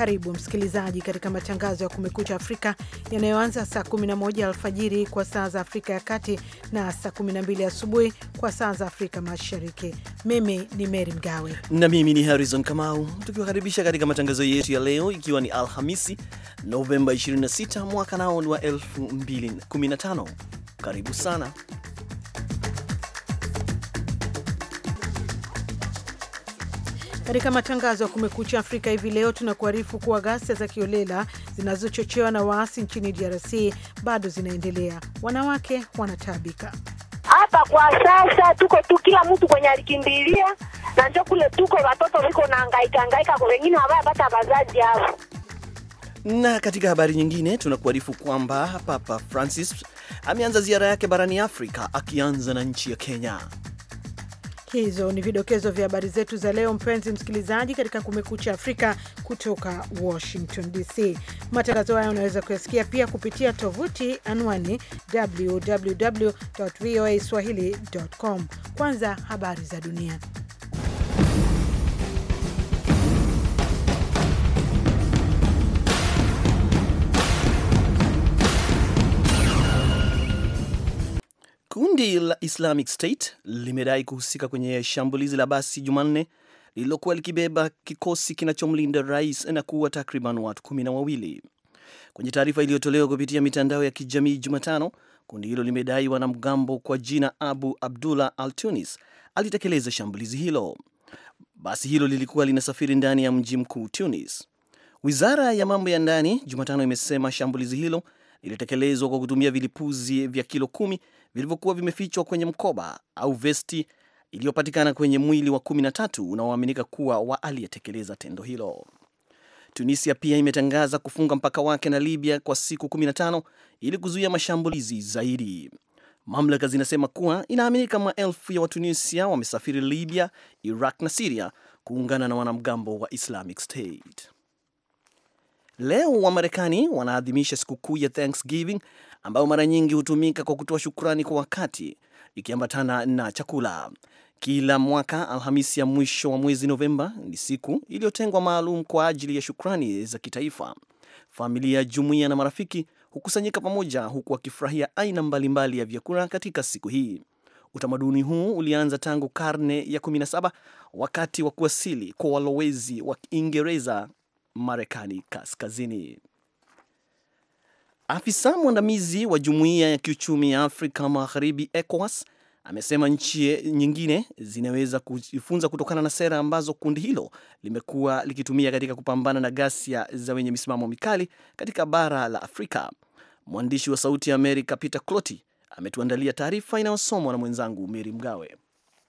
Karibu msikilizaji katika matangazo ya Kumekucha Afrika yanayoanza saa 11 alfajiri kwa saa za Afrika ya Kati na saa 12 asubuhi kwa saa za Afrika Mashariki. Mimi ni Meri Mgawe na mimi ni Harrison Kamau, tukiwakaribisha katika matangazo yetu ya leo, ikiwa ni Alhamisi Novemba 26 mwaka nao ni wa 2015. Karibu sana Katika matangazo ya Kumekucha Afrika hivi leo, tunakuarifu kuwa ghasia za kiolela zinazochochewa na waasi nchini DRC bado zinaendelea. Wanawake wanataabika. Hapa kwa sasa tuko tu kila mtu kwenye alikimbilia, na njo kule tuko watoto viko na hangaika hangaika, kwa wengine hawayapata wazazi hapo. Na katika habari nyingine tunakuarifu kwamba Papa Francis ameanza ziara yake barani Afrika akianza na nchi ya Kenya. Hizo ni vidokezo vya habari zetu za leo, mpenzi msikilizaji, katika Kumekucha Afrika kutoka Washington DC. Matangazo haya unaweza kuyasikia pia kupitia tovuti anwani www voa swahili.com. Kwanza habari za dunia. Kundi la Islamic State limedai kuhusika kwenye shambulizi la basi Jumanne lililokuwa likibeba kikosi kinachomlinda rais na kuua takriban watu kumi na wawili. Kwenye taarifa iliyotolewa kupitia mitandao ya kijamii Jumatano, kundi hilo limedai wanamgambo kwa jina Abu Abdullah Al Tunis alitekeleza shambulizi hilo. Basi hilo lilikuwa linasafiri ndani ya mji mkuu Tunis. Wizara ya mambo ya ndani Jumatano imesema shambulizi hilo lilitekelezwa kwa kutumia vilipuzi vya kilo kumi vilivyokuwa vimefichwa kwenye mkoba au vesti iliyopatikana kwenye mwili wa kumi na tatu unaoaminika kuwa wa aliyetekeleza tendo hilo. Tunisia pia imetangaza kufunga mpaka wake na Libya kwa siku 15 ili kuzuia mashambulizi zaidi. Mamlaka zinasema kuwa inaaminika maelfu ya Watunisia wamesafiri Libya, Iraq na Siria kuungana na wanamgambo wa Islamic State. Leo Wamarekani wanaadhimisha sikukuu ya Thanksgiving ambayo mara nyingi hutumika kwa kutoa shukrani kwa wakati ikiambatana na chakula. Kila mwaka Alhamisi ya mwisho wa mwezi Novemba ni siku iliyotengwa maalum kwa ajili ya shukrani za kitaifa. Familia, jumuiya na marafiki hukusanyika pamoja, huku wakifurahia aina mbalimbali ya vyakula katika siku hii. Utamaduni huu ulianza tangu karne ya 17 wakati wa kuwasili kwa walowezi wa Kiingereza Marekani kaskazini. Afisa mwandamizi wa jumuiya ya kiuchumi ya Afrika Magharibi, ECOWAS, amesema nchi nyingine zinaweza kujifunza kutokana na sera ambazo kundi hilo limekuwa likitumia katika kupambana na ghasia za wenye misimamo mikali katika bara la Afrika. Mwandishi wa Sauti ya Amerika Peter Cloti ametuandalia taarifa inayosomwa na mwenzangu Meri Mgawe.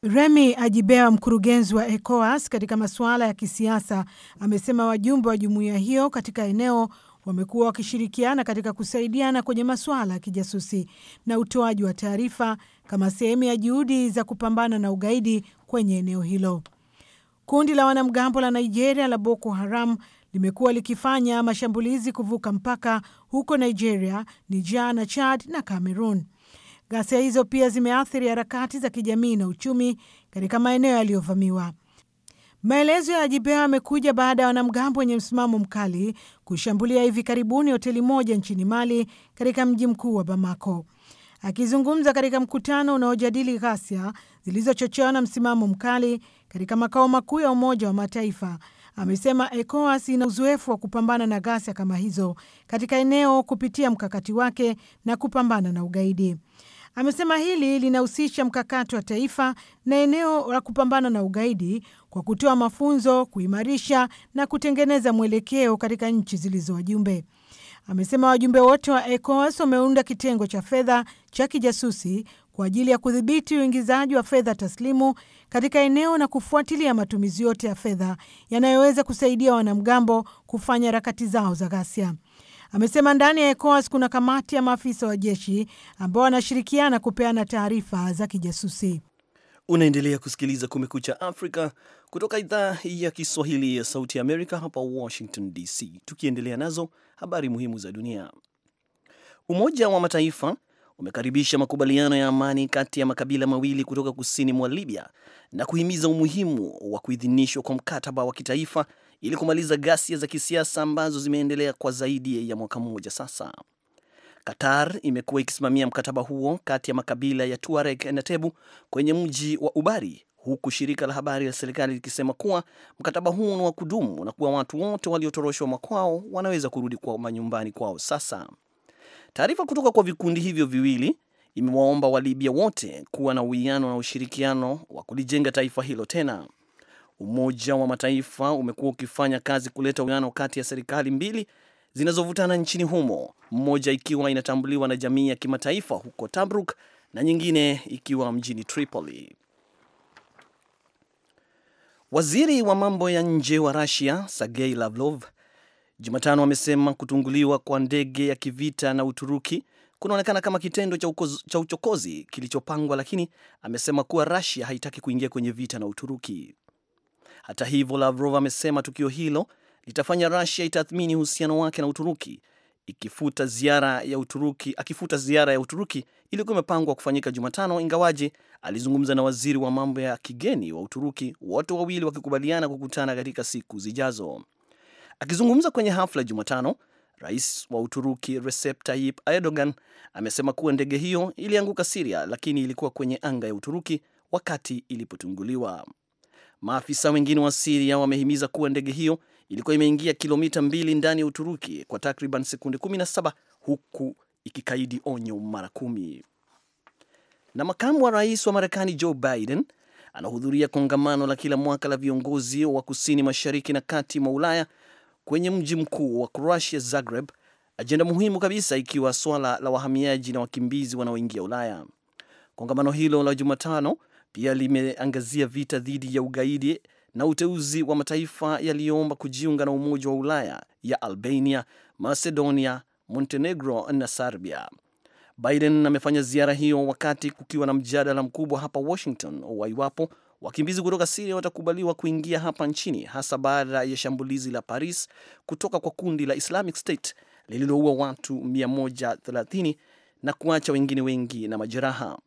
Remi ajibea mkurugenzi wa ECOWAS katika masuala ya kisiasa, amesema wajumbe wa jumuiya hiyo katika eneo wamekuwa wakishirikiana katika kusaidiana kwenye masuala ya kijasusi na utoaji wa taarifa kama sehemu ya juhudi za kupambana na ugaidi kwenye eneo hilo. Kundi la wanamgambo la Nigeria la Boko Haram limekuwa likifanya mashambulizi kuvuka mpaka huko Nigeria, Niger na Chad na Cameroon. Ghasia hizo pia zimeathiri harakati za kijamii na uchumi katika maeneo yaliyovamiwa. Maelezo ya ajibea yamekuja baada ya wanamgambo wenye msimamo mkali kushambulia hivi karibuni hoteli moja nchini Mali, katika mji mkuu wa Bamako. Akizungumza katika mkutano unaojadili ghasia zilizochochewa na msimamo mkali katika makao makuu ya Umoja wa Mataifa, amesema ECOWAS ina uzoefu wa kupambana na ghasia kama hizo katika eneo kupitia mkakati wake na kupambana na ugaidi. Amesema hili linahusisha mkakati wa taifa na eneo la kupambana na ugaidi kwa kutoa mafunzo, kuimarisha na kutengeneza mwelekeo katika nchi zilizo wajumbe. Amesema wajumbe wote wa ECOWAS wameunda kitengo cha fedha cha kijasusi kwa ajili ya kudhibiti uingizaji wa fedha taslimu katika eneo na kufuatilia matumizi yote ya fedha yanayoweza kusaidia wanamgambo kufanya harakati zao za ghasia amesema ndani ya ECOWAS kuna kamati ya maafisa wa jeshi ambao wanashirikiana kupeana taarifa za kijasusi. Unaendelea kusikiliza Kumekucha Afrika kutoka idhaa ya Kiswahili ya Sauti ya Amerika hapa Washington DC, tukiendelea nazo habari muhimu za dunia. Umoja wa Mataifa umekaribisha makubaliano ya amani kati ya makabila mawili kutoka kusini mwa Libya na kuhimiza umuhimu wa kuidhinishwa kwa mkataba wa kitaifa ili kumaliza ghasia za kisiasa ambazo zimeendelea kwa zaidi ya mwaka mmoja sasa. Qatar imekuwa ikisimamia mkataba huo kati ya makabila ya Tuareg na Tebu kwenye mji wa Ubari, huku shirika la habari la serikali likisema kuwa mkataba huo ni wa kudumu na kuwa watu wote waliotoroshwa makwao wanaweza kurudi kwa manyumbani kwao sasa. Taarifa kutoka kwa vikundi hivyo viwili imewaomba Walibia wote kuwa na uwiano na ushirikiano wa kulijenga taifa hilo tena. Umoja wa Mataifa umekuwa ukifanya kazi kuleta uwiano kati ya serikali mbili zinazovutana nchini humo, mmoja ikiwa inatambuliwa na jamii ya kimataifa huko Tabruk na nyingine ikiwa mjini Tripoli. Waziri wa mambo ya nje wa rasia Sergei Lavrov Jumatano amesema kutunguliwa kwa ndege ya kivita na Uturuki kunaonekana kama kitendo cha, ukoz, cha uchokozi kilichopangwa, lakini amesema kuwa rasia haitaki kuingia kwenye vita na Uturuki. Hata hivyo, Lavrov amesema tukio hilo litafanya Russia itathmini uhusiano wake na Uturuki ikifuta ziara ya Uturuki, akifuta ziara ya Uturuki iliyokuwa imepangwa kufanyika Jumatano, ingawaje alizungumza na waziri wa mambo ya kigeni wa Uturuki, wote wawili wakikubaliana kukutana katika siku zijazo. Akizungumza kwenye hafla Jumatano, rais wa Uturuki Recep Tayyip Erdogan amesema kuwa ndege hiyo ilianguka Siria, lakini ilikuwa kwenye anga ya Uturuki wakati ilipotunguliwa. Maafisa wengine wa Siria wamehimiza kuwa ndege hiyo ilikuwa imeingia kilomita mbili ndani ya Uturuki kwa takriban sekunde 17 huku ikikaidi onyo mara kumi. Na makamu wa rais wa Marekani Joe Biden anahudhuria kongamano la kila mwaka la viongozi wa kusini mashariki na kati mwa Ulaya kwenye mji mkuu wa Croatia, Zagreb, ajenda muhimu kabisa ikiwa swala la wahamiaji na wakimbizi wanaoingia Ulaya. Kongamano hilo la Jumatano pia limeangazia vita dhidi ya ugaidi na uteuzi wa mataifa yaliyoomba kujiunga na Umoja wa Ulaya ya Albania, Macedonia, Montenegro na Serbia. Biden amefanya ziara hiyo wakati kukiwa na mjadala mkubwa hapa Washington wa iwapo wakimbizi kutoka Siria watakubaliwa kuingia hapa nchini, hasa baada ya shambulizi la Paris kutoka kwa kundi la Islamic State lililoua watu 130 na kuacha wengine wengi na majeraha.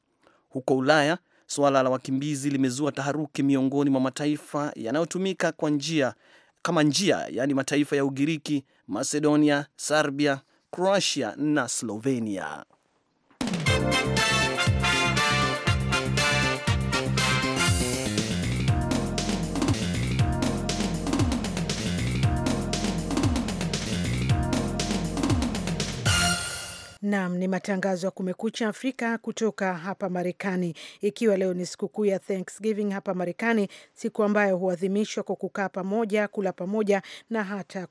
Huko Ulaya, Suala la wakimbizi limezua taharuki miongoni mwa mataifa yanayotumika kwa njia kama njia, yaani mataifa ya Ugiriki, Macedonia, Serbia, Croatia na Slovenia. Nam ni matangazo ya Kumekucha Afrika kutoka hapa Marekani, ikiwa leo ni sikukuu ya Thanksgiving hapa Marekani, siku ambayo huadhimishwa kwa kukaa pamoja, kula pamoja na hata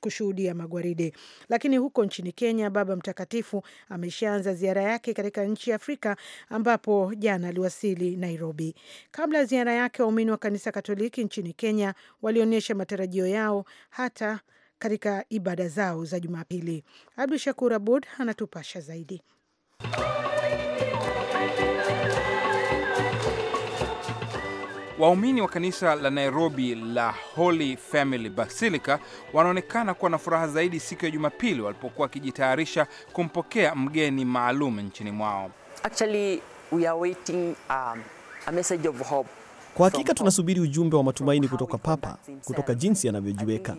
kushuhudia magwaride. Lakini huko nchini Kenya, Baba Mtakatifu ameshaanza ziara yake katika nchi ya Afrika, ambapo jana aliwasili Nairobi. Kabla ya ziara yake, waumini wa kanisa Katoliki nchini Kenya walionyesha matarajio yao hata katika ibada zao za Jumapili. Abdu Shakur Abud anatupasha zaidi. Waumini wa kanisa la Nairobi la Holy Family Basilica wanaonekana kuwa na furaha zaidi siku ya Jumapili walipokuwa wakijitayarisha kumpokea mgeni maalum nchini mwao. Actually, we are waiting, um, a message of hope. Kwa hakika tunasubiri ujumbe wa matumaini kutoka Papa, kutoka jinsi anavyojiweka.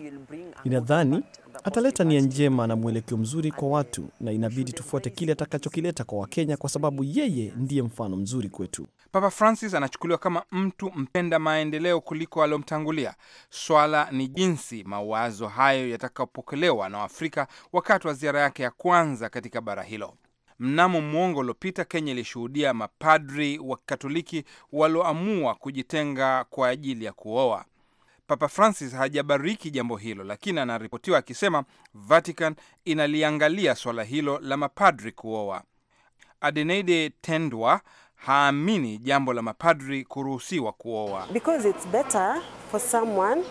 Ninadhani ataleta nia njema na mwelekeo mzuri kwa watu, na inabidi tufuate kile atakachokileta kwa Wakenya, kwa sababu yeye ndiye mfano mzuri kwetu. Papa Francis anachukuliwa kama mtu mpenda maendeleo kuliko aliomtangulia. Swala ni jinsi mawazo hayo yatakapokelewa na Waafrika wakati wa ziara yake ya kwanza katika bara hilo. Mnamo mwongo uliopita, Kenya ilishuhudia mapadri wa Kikatoliki walioamua kujitenga kwa ajili ya kuoa. Papa Francis hajabariki jambo hilo, lakini anaripotiwa akisema Vatican inaliangalia suala hilo la mapadri kuoa. Adenaide Tendwa haamini jambo la mapadri kuruhusiwa kuoa. Because it's better for someone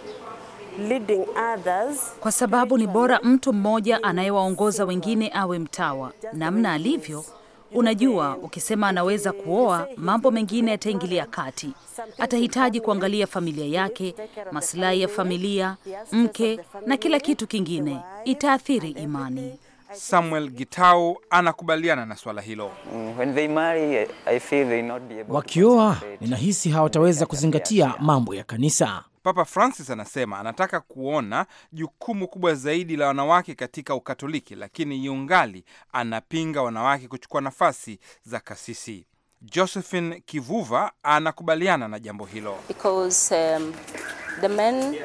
leading others, kwa sababu ni bora mtu mmoja anayewaongoza wengine awe mtawa namna alivyo. Unajua, ukisema anaweza kuoa, mambo mengine yataingilia kati. Atahitaji kuangalia familia yake, masilahi ya familia, mke na kila kitu kingine, itaathiri imani. Samuel Gitau anakubaliana na swala hilo. Mm, Wakioa, ninahisi hawataweza kuzingatia mambo ya kanisa. Papa Francis anasema anataka kuona jukumu kubwa zaidi la wanawake katika Ukatoliki, lakini yungali anapinga wanawake kuchukua nafasi za kasisi. Josephine Kivuva anakubaliana na jambo hilo. Because, um, the men...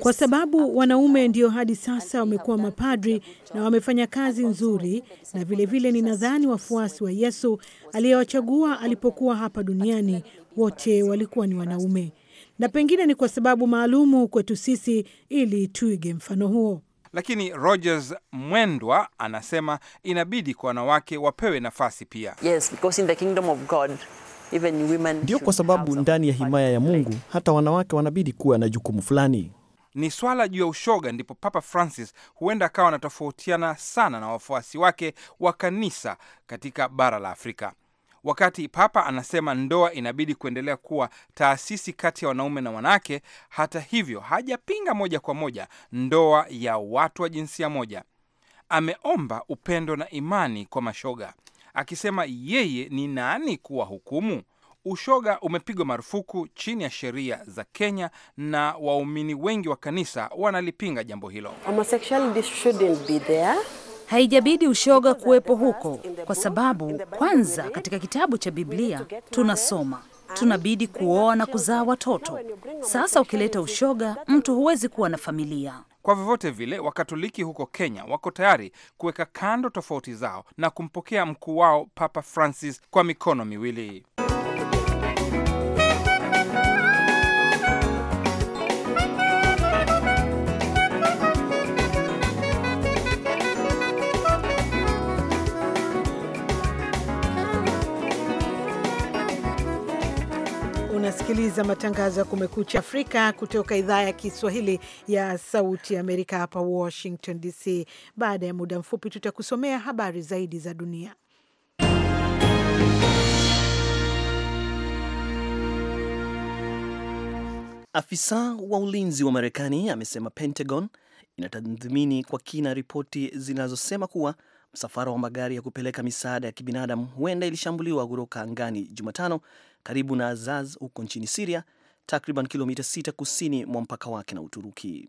Kwa sababu wanaume ndio hadi sasa wamekuwa mapadri na wamefanya kazi nzuri, na vilevile ninadhani wafuasi wa Yesu aliyewachagua alipokuwa hapa duniani wote walikuwa ni wanaume na pengine ni kwa sababu maalumu kwetu sisi ili tuige mfano huo. Lakini Rogers Mwendwa anasema inabidi kwa wanawake wapewe nafasi pia. Yes, ndio kwa sababu ndani ya himaya ya Mungu hata wanawake wanabidi kuwa na jukumu fulani. Ni swala juu ya ushoga, ndipo Papa Francis huenda akawa anatofautiana sana na wafuasi wake wa kanisa katika bara la Afrika. Wakati papa anasema ndoa inabidi kuendelea kuwa taasisi kati ya wanaume na wanawake, hata hivyo hajapinga moja kwa moja ndoa ya watu wa jinsia moja. Ameomba upendo na imani kwa mashoga, akisema yeye ni nani kuwa hukumu. Ushoga umepigwa marufuku chini ya sheria za Kenya na waumini wengi wa kanisa wanalipinga jambo hilo. Homosexuality shouldn't be there haijabidi ushoga kuwepo huko, kwa sababu kwanza, katika kitabu cha Biblia tunasoma tunabidi kuoa na kuzaa watoto. Sasa ukileta ushoga, mtu huwezi kuwa na familia. Kwa vyovyote vile, Wakatoliki huko Kenya wako tayari kuweka kando tofauti zao na kumpokea mkuu wao Papa Francis kwa mikono miwili. unasikiliza matangazo ya Kumekucha Afrika kutoka idhaa ya Kiswahili ya Sauti Amerika, hapa Washington DC. Baada ya muda mfupi, tutakusomea habari zaidi za dunia. Afisa wa ulinzi wa Marekani amesema Pentagon inatathmini kwa kina ripoti zinazosema kuwa msafara wa magari ya kupeleka misaada ya kibinadamu huenda ilishambuliwa kutoka angani Jumatano karibu na Azaz huko nchini Siria, takriban kilomita 6 kusini mwa mpaka wake na Uturuki.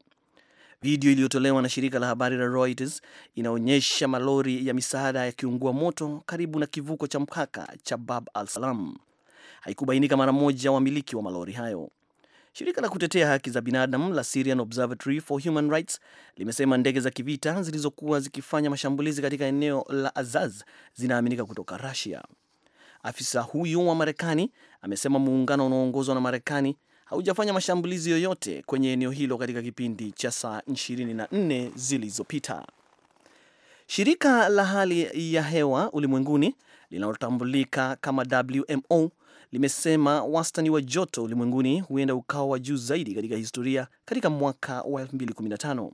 Video iliyotolewa na shirika la habari la Reuters inaonyesha malori ya misaada yakiungua moto karibu na kivuko cha mpaka cha Bab al Salam. Haikubainika mara moja wamiliki wa malori hayo. Shirika la kutetea haki za binadamu la Syrian Observatory for Human Rights limesema ndege za kivita zilizokuwa zikifanya mashambulizi katika eneo la Azaz zinaaminika kutoka Russia. Afisa huyu wa Marekani amesema muungano unaoongozwa na Marekani haujafanya mashambulizi yoyote kwenye eneo hilo katika kipindi cha saa 24 zilizopita. Shirika la hali ya hewa ulimwenguni linalotambulika kama WMO limesema wastani wa joto ulimwenguni huenda ukawa wa juu zaidi katika historia katika mwaka wa 2015.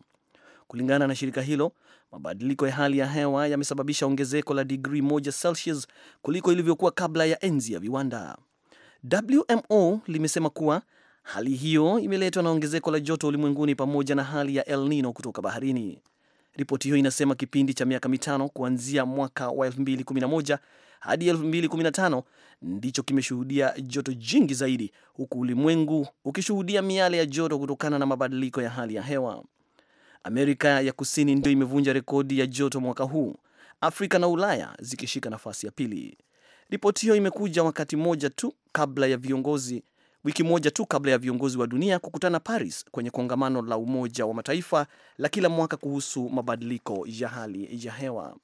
Kulingana na shirika hilo, mabadiliko ya hali ya hewa yamesababisha ongezeko la digrii 1 Celsius kuliko ilivyokuwa kabla ya enzi ya viwanda. WMO limesema kuwa hali hiyo imeletwa na ongezeko la joto ulimwenguni pamoja na hali ya El Nino kutoka baharini. Ripoti hiyo inasema kipindi cha miaka mitano kuanzia mwaka wa 2011 hadi 2015 ndicho kimeshuhudia joto jingi zaidi, huku ulimwengu ukishuhudia miale ya joto kutokana na mabadiliko ya hali ya hewa. Amerika ya Kusini ndio imevunja rekodi ya joto mwaka huu, Afrika na Ulaya zikishika nafasi ya pili. Ripoti hiyo imekuja wakati mmoja tu kabla ya viongozi wiki moja tu kabla ya viongozi wa dunia kukutana Paris kwenye kongamano la Umoja wa Mataifa la kila mwaka kuhusu mabadiliko ya hali ya hewa.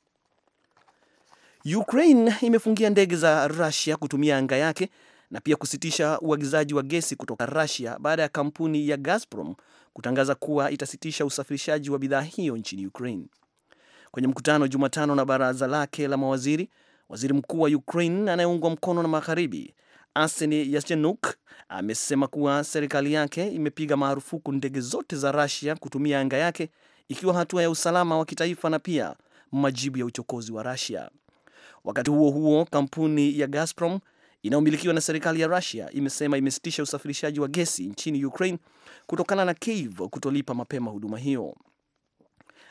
Ukraine imefungia ndege za Russia kutumia anga yake na pia kusitisha uagizaji wa gesi kutoka Russia baada ya kampuni ya Gazprom kutangaza kuwa itasitisha usafirishaji wa bidhaa hiyo nchini Ukraine. Kwenye mkutano Jumatano na baraza lake la mawaziri, waziri mkuu wa Ukraine anayeungwa mkono na magharibi arseni Yatsenyuk amesema kuwa serikali yake imepiga marufuku ndege zote za Russia kutumia anga yake ikiwa hatua ya usalama wa kitaifa na pia majibu ya uchokozi wa Russia. Wakati huo huo, kampuni ya Gazprom inayomilikiwa na serikali ya Russia imesema imesitisha usafirishaji wa gesi nchini Ukraine kutokana na Kiev kutolipa mapema huduma hiyo.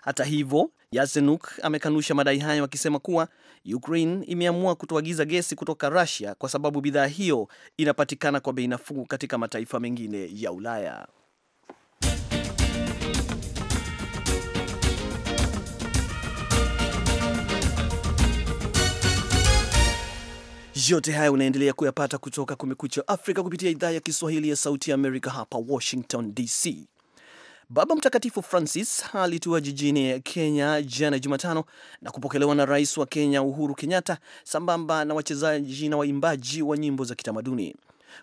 Hata hivyo, Yasenuk amekanusha madai hayo akisema kuwa Ukraine imeamua kutoagiza gesi kutoka Russia kwa sababu bidhaa hiyo inapatikana kwa bei nafuu katika mataifa mengine ya Ulaya. Yote haya unaendelea kuyapata kutoka Kumekucha Afrika kupitia idhaa ya Kiswahili ya Sauti ya Amerika hapa Washington DC. Baba Mtakatifu Francis alitua jijini Kenya jana Jumatano na kupokelewa na rais wa Kenya Uhuru Kenyatta sambamba na wachezaji na waimbaji wa nyimbo za kitamaduni.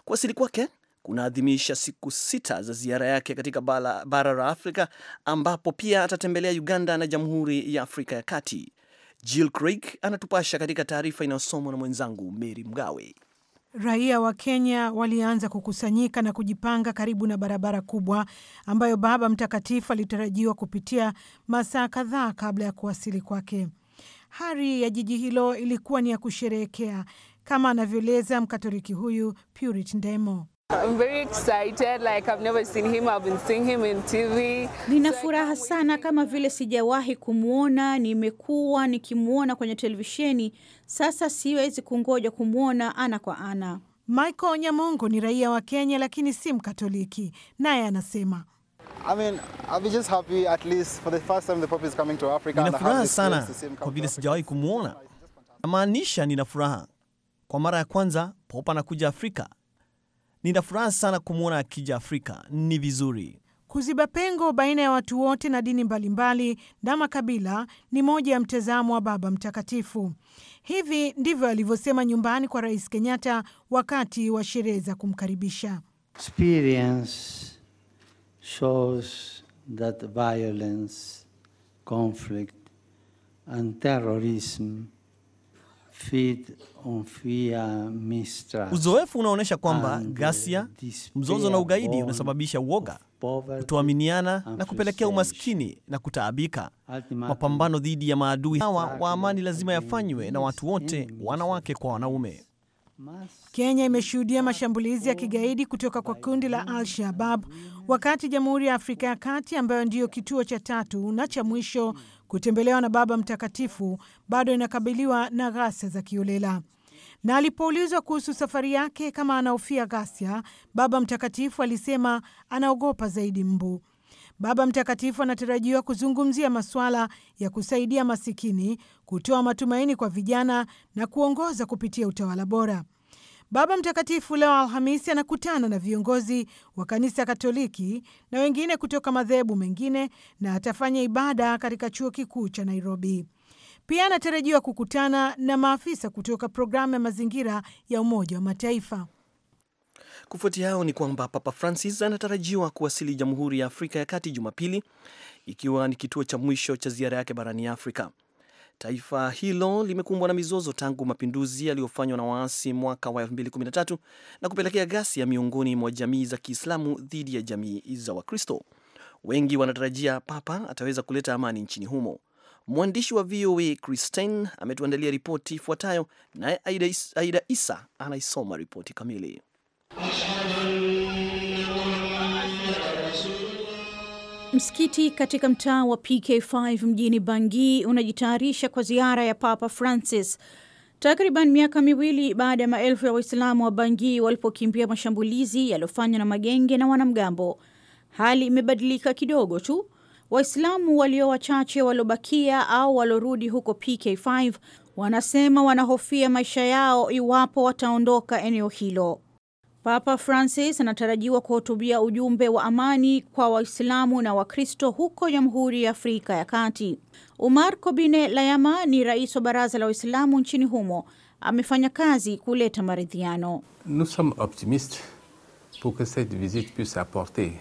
Kuwasili kwake kunaadhimisha siku sita za ziara yake katika bara, bara la Afrika ambapo pia atatembelea Uganda na Jamhuri ya Afrika ya Kati. Jill Craig anatupasha katika taarifa inayosomwa na mwenzangu Mary Mgawe. Raia wa Kenya walianza kukusanyika na kujipanga karibu na barabara kubwa ambayo Baba Mtakatifu alitarajiwa kupitia masaa kadhaa kabla ya kuwasili kwake. Hari ya jiji hilo ilikuwa ni ya kusherehekea, kama anavyoeleza Mkatoliki huyu Purit Ndemo. Nina furaha sana kama vile sijawahi kumwona. Nimekuwa nikimwona kwenye televisheni, sasa siwezi kungoja kumwona ana kwa ana. Michael Nyamongo ni raia wa Kenya lakini si Mkatoliki, naye anasema I mean, nina furaha sana kwa vile sijawahi kumwona, namaanisha nina furaha kwa mara ya kwanza pop anakuja Afrika Nina furaha sana kumwona akija Afrika, ni vizuri. Kuziba pengo baina ya watu wote na dini mbalimbali na makabila ni moja ya mtazamo wa Baba Mtakatifu. Hivi ndivyo alivyosema nyumbani kwa Rais Kenyatta wakati wa sherehe za kumkaribisha. Experience shows that violence, conflict and terrorism Uzoefu unaonyesha kwamba ghasia, mzozo na ugaidi unasababisha uoga, kutoaminiana na kupelekea umaskini na kutaabika. Mapambano dhidi ya maadui hawa wa amani lazima yafanywe na watu wote, wanawake kwa wanaume. Kenya imeshuhudia mashambulizi ya kigaidi kutoka kwa kundi la Al-Shabab wakati Jamhuri ya Afrika ya Kati ambayo ndiyo kituo cha tatu na cha mwisho kutembelewa na Baba Mtakatifu bado inakabiliwa na ghasia za kiolela. Na alipoulizwa kuhusu safari yake kama anahofia ghasia, Baba Mtakatifu alisema anaogopa zaidi mbu. Baba Mtakatifu anatarajiwa kuzungumzia masuala ya kusaidia masikini, kutoa matumaini kwa vijana na kuongoza kupitia utawala bora. Baba Mtakatifu leo Alhamisi anakutana na viongozi wa kanisa Katoliki na wengine kutoka madhehebu mengine na atafanya ibada katika chuo kikuu cha Nairobi. Pia anatarajiwa kukutana na maafisa kutoka programu ya mazingira ya Umoja wa Mataifa. Kufuatia hayo ni kwamba Papa Francis anatarajiwa kuwasili Jamhuri ya Afrika ya Kati Jumapili, ikiwa ni kituo cha mwisho cha ziara yake barani Afrika. Taifa hilo limekumbwa na mizozo tangu mapinduzi yaliyofanywa na waasi mwaka wa 2013 na kupelekea ghasia miongoni mwa jamii za Kiislamu dhidi ya jamii za Wakristo. Wengi wanatarajia Papa ataweza kuleta amani nchini humo. Mwandishi wa VOA Christine ametuandalia ripoti ifuatayo, naye Aida Isa anaisoma ripoti kamili. Msikiti katika mtaa wa PK5 mjini Bangi unajitayarisha kwa ziara ya Papa Francis takriban miaka miwili baada ya maelfu ya Waislamu wa Bangi walipokimbia mashambulizi yaliyofanywa na magenge na wanamgambo. Hali imebadilika kidogo tu. Waislamu walio wachache waliobakia au waliorudi huko PK5 wanasema wanahofia maisha yao iwapo wataondoka eneo hilo. Papa Francis anatarajiwa kuhutubia ujumbe wa amani kwa Waislamu na Wakristo huko Jamhuri ya Afrika ya Kati. Umar Kobine Layama ni rais wa Baraza la Waislamu nchini humo, amefanya kazi kuleta maridhiano. Nous sommes optimistes pour que cette visite puisse apporter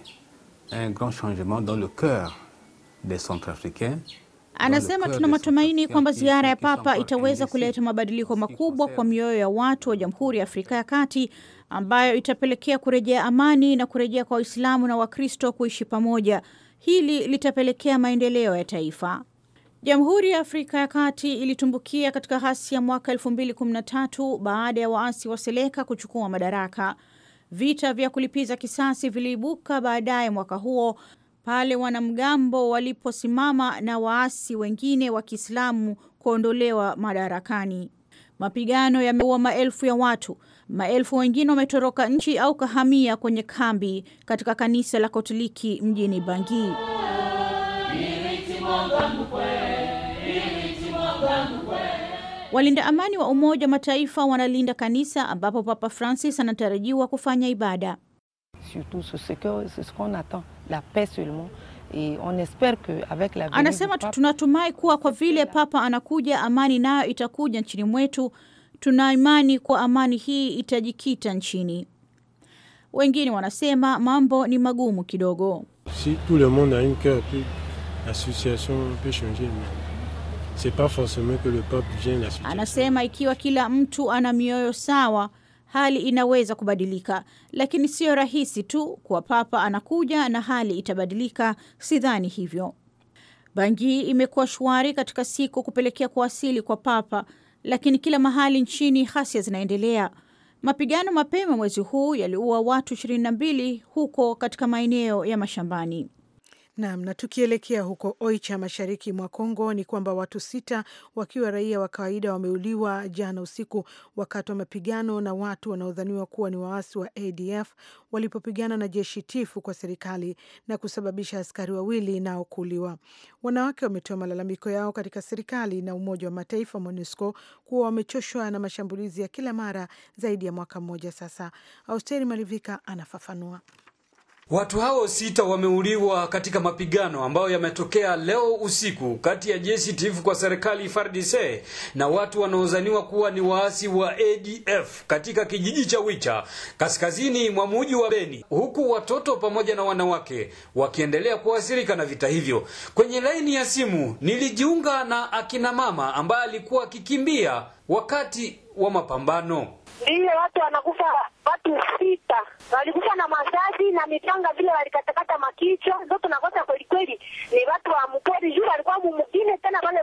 un grand changement dans le cœur des centrafricains Anasema tuna matumaini kwamba ziara ya Papa itaweza kuleta mabadiliko makubwa kwa mioyo ya watu wa Jamhuri ya Afrika ya Kati ambayo itapelekea kurejea amani na kurejea kwa Waislamu na Wakristo kuishi pamoja. Hili litapelekea maendeleo ya taifa. Jamhuri ya Afrika ya Kati ilitumbukia katika ghasia mwaka 2013 baada ya waasi wa Seleka kuchukua madaraka. Vita vya kulipiza kisasi viliibuka baadaye mwaka huo pale wanamgambo waliposimama na waasi wengine wa Kiislamu kuondolewa madarakani. Mapigano yameua maelfu ya watu, maelfu wengine wametoroka nchi au kahamia kwenye kambi katika kanisa la Katoliki mjini Bangi. Walinda amani wa Umoja wa Mataifa wanalinda kanisa ambapo Papa Francis anatarajiwa kufanya ibada. Surtout ce, ce qu'on attend, la paix seulement. Et on espère que avec la Anasema pape, tunatumai kuwa kwa vile Papa anakuja, amani nayo itakuja nchini mwetu. Tuna imani kwa amani hii itajikita nchini. Wengine wanasema mambo ni magumu kidogo. Si tout le monde a une cœur, l'association peut changer. C'est pas forcément que le pape vienne. Anasema ikiwa kila mtu ana mioyo sawa hali inaweza kubadilika, lakini siyo rahisi tu kuwa papa anakuja na hali itabadilika. Sidhani hivyo. Bangui imekuwa shwari katika siku kupelekea kuwasili kwa papa, lakini kila mahali nchini ghasia zinaendelea. Mapigano mapema mwezi huu yaliua watu 22 huko katika maeneo ya mashambani. Nam. Na tukielekea huko Oicha, mashariki mwa Kongo, ni kwamba watu sita wakiwa raia wa kawaida wameuliwa jana usiku wakati wa mapigano na watu wanaodhaniwa kuwa ni waasi wa ADF walipopigana na jeshi tifu kwa serikali na kusababisha askari wawili nao kuuliwa. Wanawake wametoa malalamiko yao katika serikali na Umoja wa Mataifa MONUSCO kuwa wamechoshwa na mashambulizi ya kila mara zaidi ya mwaka mmoja sasa. Austeri malivika anafafanua. Watu hao sita wameuliwa katika mapigano ambayo yametokea leo usiku kati ya jeshi tifu kwa serikali FARDC na watu wanaozaniwa kuwa ni waasi wa ADF katika kijiji cha Wicha kaskazini mwa mji wa Beni, huku watoto pamoja na wanawake wakiendelea kuathirika na vita hivyo. Kwenye laini ya simu nilijiunga na akina mama ambaye alikuwa akikimbia wakati wa mapambano. Ndiyo, watu wanakufa watu sita walikufa na masasi na mipanga vile walikatakata makichwa zote nakosa kweli kweli, ni watu wa mpori juu walikuwa mumugine tena, wale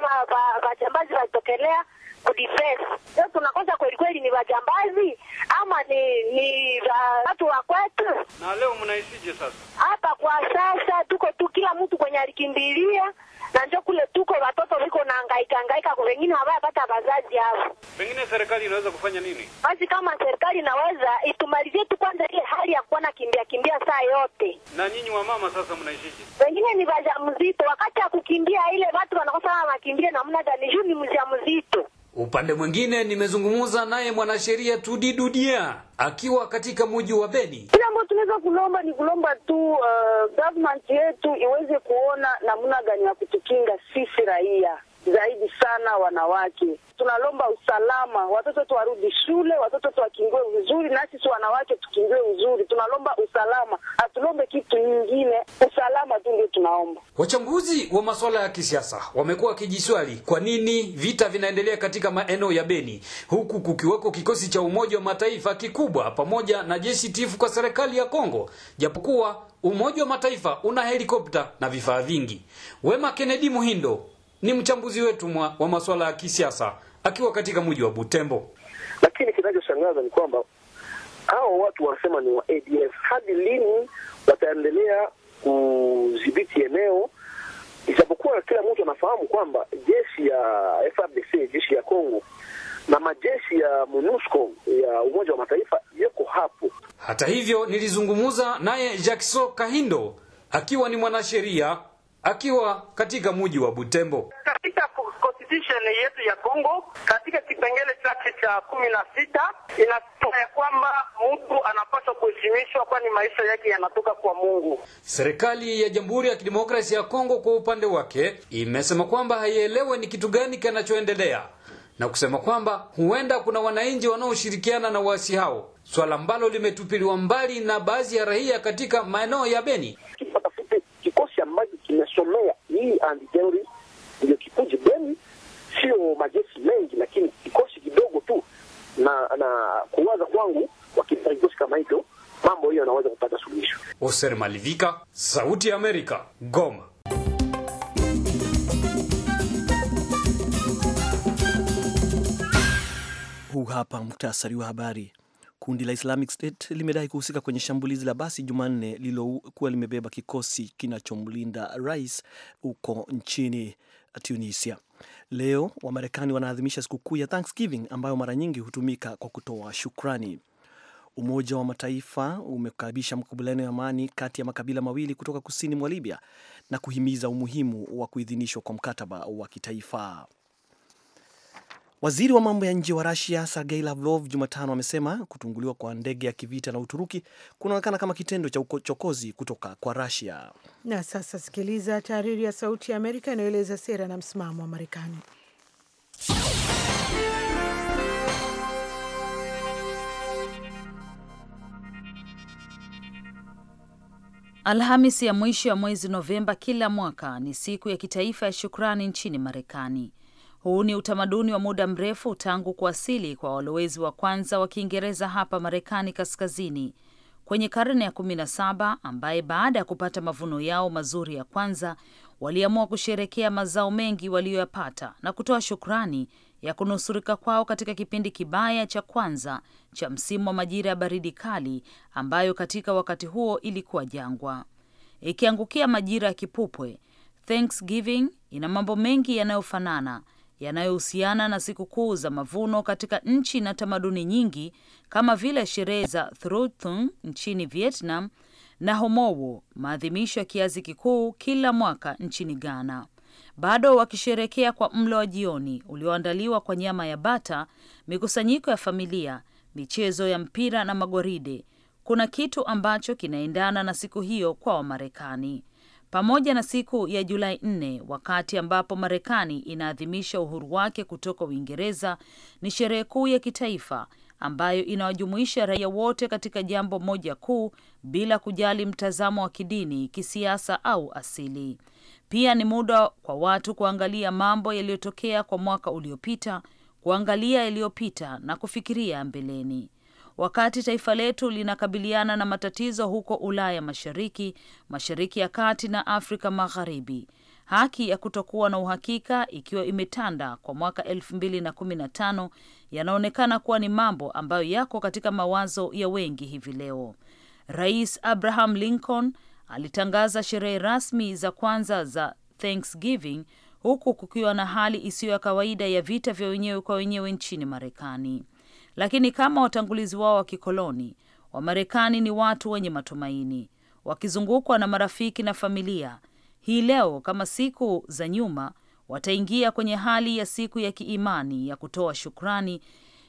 vajambazi walitokelea kudifesi. Sasa tunakosa kweli kweli, ni wajambazi ama ni ni watu wa kwetu? Na leo mnaisije sasa? Hapa kwa sasa tuko tu kila mtu kwenye alikimbilia na njo kule tuko watoto viko na hangaika hangaika, wengine hawayapata wazazi hapo. Pengine serikali inaweza kufanya nini? Basi kama serikali inaweza itumalizie tu kwanza ile hali ya kuwa na kimbia kimbia saa yote. Na nyinyi wamama sasa mnaishije? Wengine ni baja mzito, wakati ya kukimbia ile watu wanakosa makimbia namna gani, juu ni mja mzito Upande mwingine nimezungumza naye mwanasheria Tudi Dudia akiwa katika mji wa Beni. Kile ambayo tunaweza kulomba ni kulomba tu uh, government yetu iweze kuona namna gani ya kutukinga sisi raia zaidi sana wanawake. Tunalomba usalama, watoto tuwarudi shule, watoto tuwakingue vizuri, na sisi wanawake tukingiwe vizuri. Tunalomba usalama, hatulombe kitu nyingine, usalama tu ndio tunaomba. Wachambuzi wa masuala ya kisiasa wamekuwa wakijiswali kwa nini vita vinaendelea katika maeneo ya Beni huku kukiweko kikosi cha Umoja wa Mataifa kikubwa pamoja na jeshi tifu kwa serikali ya Kongo, japokuwa Umoja wa Mataifa una helikopta na vifaa vingi. Wema Kennedy Muhindo ni mchambuzi wetu mwa, wa masuala ya kisiasa akiwa katika mji wa Butembo. Lakini kinachoshangaza ni kwamba hao watu wanasema ni wa ADF, hadi lini wataendelea kudhibiti eneo? Isipokuwa kila mtu anafahamu kwamba jeshi ya FRDC, jeshi ya Kongo na majeshi ya MONUSCO ya Umoja wa Mataifa yako hapo. Hata hivyo, nilizungumza naye Jackson Kahindo akiwa ni mwanasheria akiwa katika mji wa Butembo. Katika constitution yetu ya Kongo, katika kipengele chake cha kumi na sita inasema ya kwamba mtu anapaswa kuheshimishwa, kwani maisha yake yanatoka kwa Mungu. Serikali ya Jamhuri ya Kidemokrasia ya Kongo kwa upande wake imesema kwamba haielewe ni kitu gani kinachoendelea na kusema kwamba huenda kuna wananchi wanaoshirikiana na waasi hao, swala ambalo limetupiliwa mbali na baadhi ya raia katika maeneo ya Beni hii antiterrorist ndio kikuji Beni, sio majeshi mengi, lakini kikosi kidogo tu, na na kuwaza kwangu wakipata kikosi kama hicho, mambo hiyo yanaweza kupata suluhisho. Oser Malivika, Sauti ya Amerika, Goma. Huu hapa muktasari wa habari. Kundi la Islamic State limedai kuhusika kwenye shambulizi la basi Jumanne lililokuwa limebeba kikosi kinachomlinda rais huko nchini Tunisia. Leo Wamarekani wanaadhimisha sikukuu ya Thanksgiving ambayo mara nyingi hutumika kwa kutoa shukrani. Umoja wa Mataifa umekabisha makubaliano ya amani kati ya makabila mawili kutoka kusini mwa Libya na kuhimiza umuhimu wa kuidhinishwa kwa mkataba wa kitaifa. Waziri wa mambo ya nje wa Rusia Sergei Lavrov Jumatano amesema kutunguliwa kwa ndege ya kivita na Uturuki kunaonekana kama kitendo cha uchokozi kutoka kwa Rusia. Na sasa sikiliza tahariri ya Sauti ya Amerika inayoeleza sera na msimamo wa Marekani. Alhamisi ya mwisho ya mwezi Novemba kila mwaka ni siku ya kitaifa ya shukrani nchini Marekani. Huu ni utamaduni wa muda mrefu tangu kuwasili kwa walowezi wa kwanza wa Kiingereza hapa Marekani kaskazini kwenye karne ya 17 ambaye baada ya kupata mavuno yao mazuri ya kwanza waliamua kusherekea mazao mengi waliyoyapata na kutoa shukrani ya kunusurika kwao katika kipindi kibaya cha kwanza cha msimu wa majira ya baridi kali ambayo katika wakati huo ilikuwa jangwa. Ikiangukia majira ya kipupwe, Thanksgiving ina mambo mengi yanayofanana yanayohusiana na sikukuu za mavuno katika nchi na tamaduni nyingi kama vile sherehe za Thruthun nchini Vietnam na Homowo, maadhimisho ya kiazi kikuu kila mwaka nchini Ghana, bado wakisherekea kwa mlo wa jioni ulioandaliwa kwa nyama ya bata, mikusanyiko ya familia, michezo ya mpira na magwaride. Kuna kitu ambacho kinaendana na siku hiyo kwa Wamarekani pamoja na siku ya Julai nne, wakati ambapo Marekani inaadhimisha uhuru wake kutoka Uingereza, ni sherehe kuu ya kitaifa ambayo inawajumuisha raia wote katika jambo moja kuu bila kujali mtazamo wa kidini, kisiasa au asili. Pia ni muda kwa watu kuangalia mambo yaliyotokea kwa mwaka uliopita, kuangalia yaliyopita na kufikiria mbeleni. Wakati taifa letu linakabiliana na matatizo huko Ulaya Mashariki, Mashariki ya Kati na Afrika Magharibi, haki ya kutokuwa na uhakika ikiwa imetanda kwa mwaka 2015 yanaonekana kuwa ni mambo ambayo yako katika mawazo ya wengi hivi leo. Rais Abraham Lincoln alitangaza sherehe rasmi za kwanza za Thanksgiving huku kukiwa na hali isiyo ya kawaida ya vita vya wenyewe kwa wenyewe nchini Marekani lakini kama watangulizi wao wa kikoloni, Wamarekani ni watu wenye matumaini, wakizungukwa na marafiki na familia. Hii leo kama siku za nyuma, wataingia kwenye hali ya siku ya kiimani ya kutoa shukrani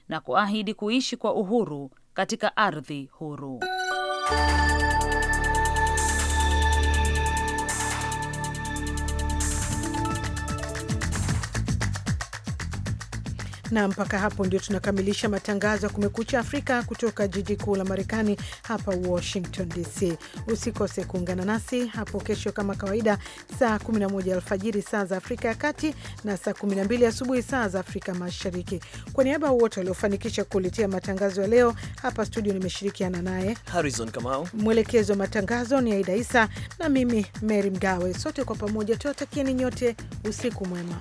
na kuahidi kuishi kwa uhuru katika ardhi huru. Na mpaka hapo ndio tunakamilisha matangazo ya Kumekucha Afrika kutoka jiji kuu la Marekani, hapa Washington DC. Usikose kuungana nasi hapo kesho kama kawaida, saa 11 alfajiri saa za Afrika ya Kati na saa 12 asubuhi saa za Afrika Mashariki. Kwa niaba ya wote waliofanikisha kuletea matangazo ya leo, hapa studio nimeshirikiana naye Harrison Kamau, mwelekezi wa matangazo ni Aida Isa na mimi Mary Mgawe. Sote kwa pamoja tuwatakieni nyote usiku mwema.